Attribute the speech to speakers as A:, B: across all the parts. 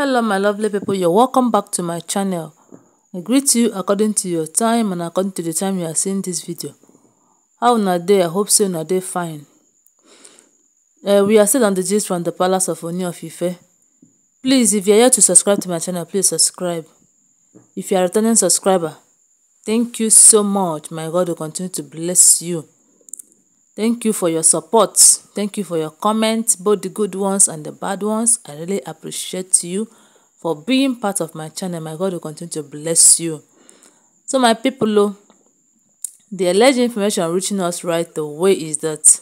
A: hello my lovely people you're welcome back to my channel i greet you according to your time and according to the time you are seeing this video how na day i hope so na day fine uh, we are still on the gist from the palace of oni of ife please if you're here to subscribe to my channel please subscribe if you are a returning subscriber thank you so much my god will continue to bless you Thank you for your support. Thank you for your comments, both the good ones and the bad ones. I really appreciate you for being part of my channel. My God will continue to bless you. So my people, oh, the alleged information reaching us right away is that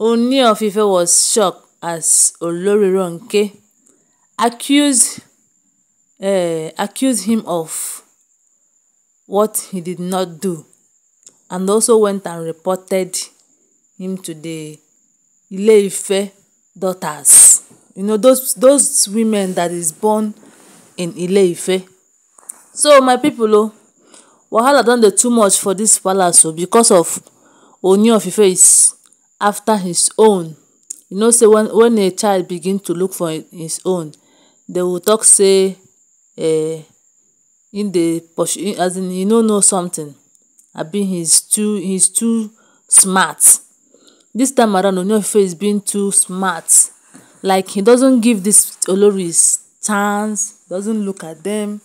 A: Ooni of was shocked as Olori Ronke accused uh, accused him of what he did not do and also went and reported him to the Ile-Ife daughters. You know, those, those women that is born in Ile-Ife. So, my people, oh, wahala done the too much for this palace oh, because of Ooni of Ife is after his own. You know say when when a child begin to look for his own, they will talk say eh, in the pursue as in you know know something abi he's too he's too smart. This time around Oniofe is being too smart. Like he doesn't give this Oloris chance, doesn't look at them.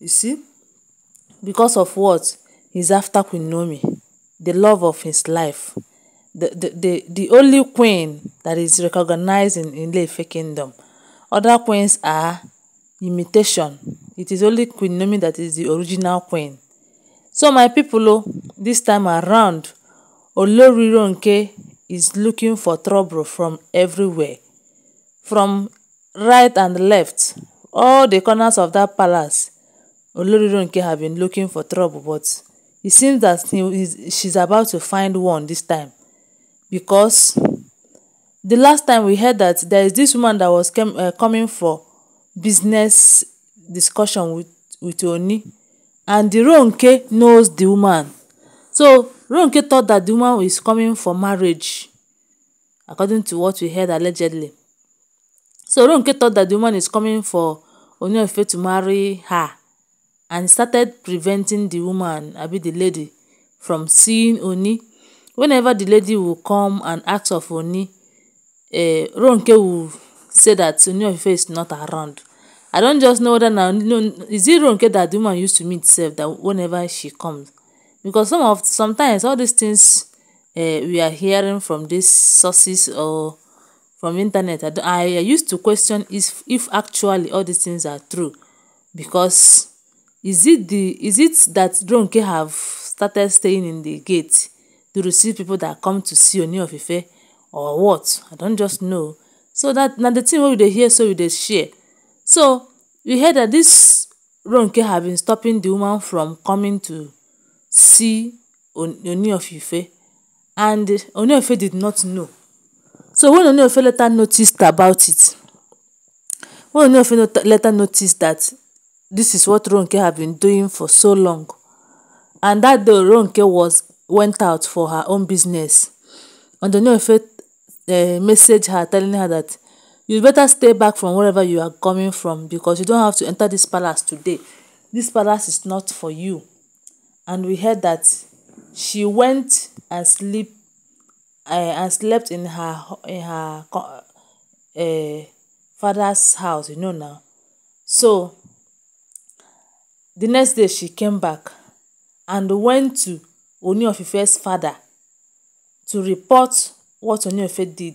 A: You see? Because of what? He's after Queen Naomi, the love of his life. The, the, the, the only queen that is recognized in, in Ile-Ife kingdom. Other queens are imitation. It is only Queen Naomi that is the original queen. So my people oh, this time around, Olorirunke is looking for trouble from everywhere. From right and left, all the corners of that palace, Olorirunke have been looking for trouble, but it seems that he is, she's about to find one this time. Because the last time we heard that there is this woman that was came, uh, coming for business discussion with, with Oni and the Ronke knows the woman. So Ronke thought that the woman is coming for marriage according to what we heard allegedly. So Ronke thought that the woman is coming for Oniofe to marry her and started preventing the woman, I abi the lady, from seeing Oni. Whenever the lady will come and ask of Oni, uh, Ronke will say that Oniofe is not around. i don't just know that now. no is it wrong that the woman used to meet self that whenever she comes because some of sometimes all these things uh, we are hearing from these sources or from internet i, I used to question if if actually all these things are true because is it the is it that ronke have started staying in the gate to receive people that come to see Ooni of Ife or what i don't just know so that now the thing wey we hear so we share So we heard that this Ronke have been stopping the woman from coming to see Ooni of and Ooni of did not know. So when Ooni of later noticed about it, when Ooni of later noticed that this is what Ronke have been doing for so long and that the Ronke was went out for her own business and Ooni of Ife uh, eh, messaged her telling her that You better stay back from wherever you are coming from because you don't have to enter this palace today. This palace is not for you. And we heard that she went and sleep uh, and slept in her in her uh, father's house, you know now. So the next day she came back and went to Oni of Ife's father to report what Oni of Ife did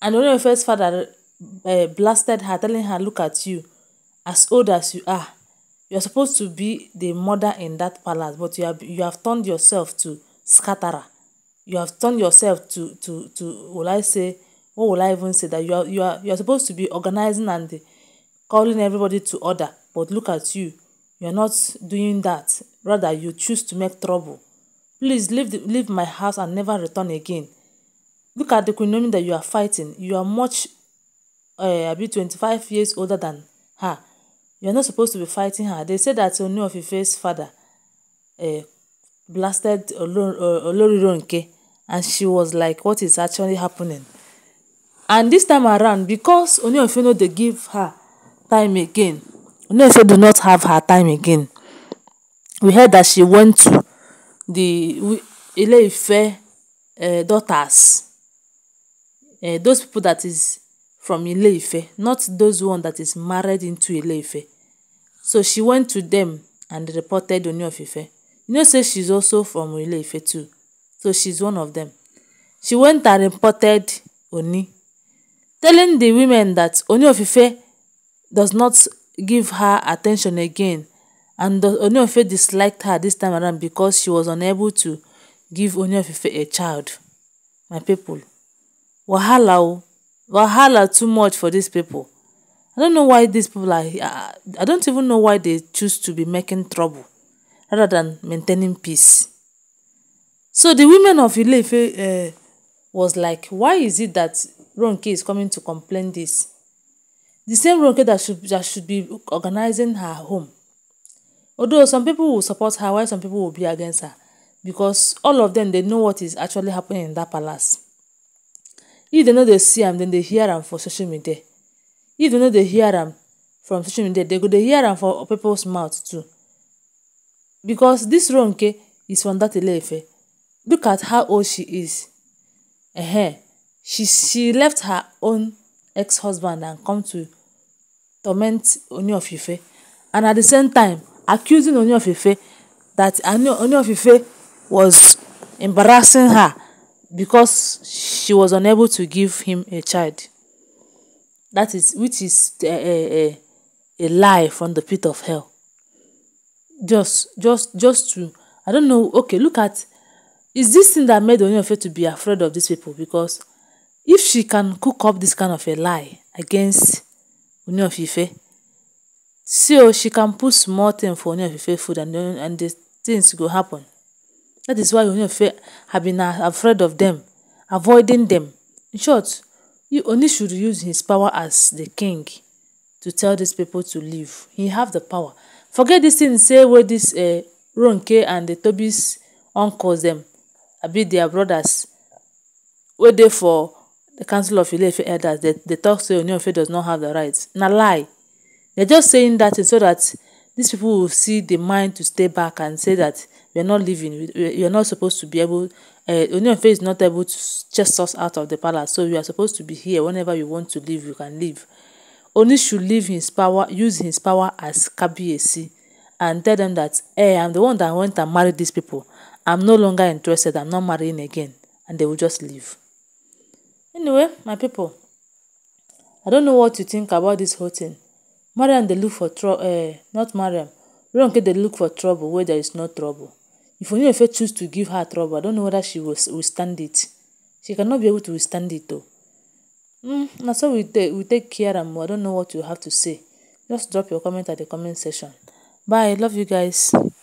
A: and first father uh, blasted her telling her look at you, as old as you are. You are supposed to be the mother in that palace but you have, you have turned yourself to scatterer. You have turned yourself to, to, to will I say, what will I even say that you are, you are, you are supposed to be organizing and calling everybody to order but look at you. You are not doing that. Rather, you choose to make trouble. Please leave, the, leave my house and never return again. Look at the Queen that you are fighting, you are much uh, be 25 years older than her. You are not supposed to be fighting her. They say that only of Ife's father uh, blasted eh, Olori Ronke and she was like, what is actually happening? And this time around, because Ooni of Ife no dey give her time again, Ooni Ife do not have her time again. We heard that she went to the Ile-Ife uh, daughters eh those people that is from Ileife, not those one that is married into Ileife. So she went to them and reported Oni of Ife. You know, say she's also from Ileife too. So she's one of them. She went and reported Oni, telling the women that Oni of Ife does not give her attention again and Oni of Ife disliked her this time around because she was unable to give Oni of Ife a child. My people, wahala o wahala too much for these people i don't know why these people are i don't even know why they choose to be making trouble rather than maintaining peace so the women of ile uh, eh, was like why is it that Ronke is coming to complain this the same Ronke that should that should be organizing her home although some people will support her while some people will be against her because all of them they know what is actually happening in that palace if dem no dey see am dem dey hear am for social media if dem no dey hear am from social media dem go dey hear am for peoples mouth too because dis ronke is from that ile look at how old she is Uh huh. she she left her own ex-husband and come to torment Ooni and at the same time accusing Ooni that Ooni was embarrassing her because she was unable to give him a child. That is, which is a, eh, a, eh, eh, a lie from the pit of hell. Just, just, just to, I don't know. Okay, look at, is this thing that made Onyefe to be afraid of these people? Because if she can cook up this kind of a lie against Onyefe, so oh, she can put small thing for Onyefe food and and the things will happen. That is why Oniofe had been afraid of them, avoiding them. In short, he only should use his power as the king to tell these people to leave. He have the power. Forget this thing, say where this uh, Ronke and the Tobi's uncles them, abi their brothers, Where they for the council of ile elders, they, they talk say Oniofe does not have the rights. Na lie. They're just saying that so that these people will see the mind to stay back and say that we are not living, we are not supposed to be able, uh, eh, Onionfe is not able to chase us out of the palace, so we are supposed to be here. Whenever you want to leave, you can leave. Only should leave his power, use his power as Kabiesi and tell them that, hey, I'm the one that went and married these people. I'm no longer interested. I'm not marrying again. And they will just leave. Anyway, my people, I don't know what you think about this whole thing. Mariam dey look for trouble. Eh, not Mariam Ronke dey look for trouble where there is no trouble. If Onyemaefe choose to give her trouble I don't know whether she will withstand it. She cannot be able to withstand it though. um Na so we take we take care. am oo I don't know what you have to say. Just drop your comment at the comment section. Bye love you guys.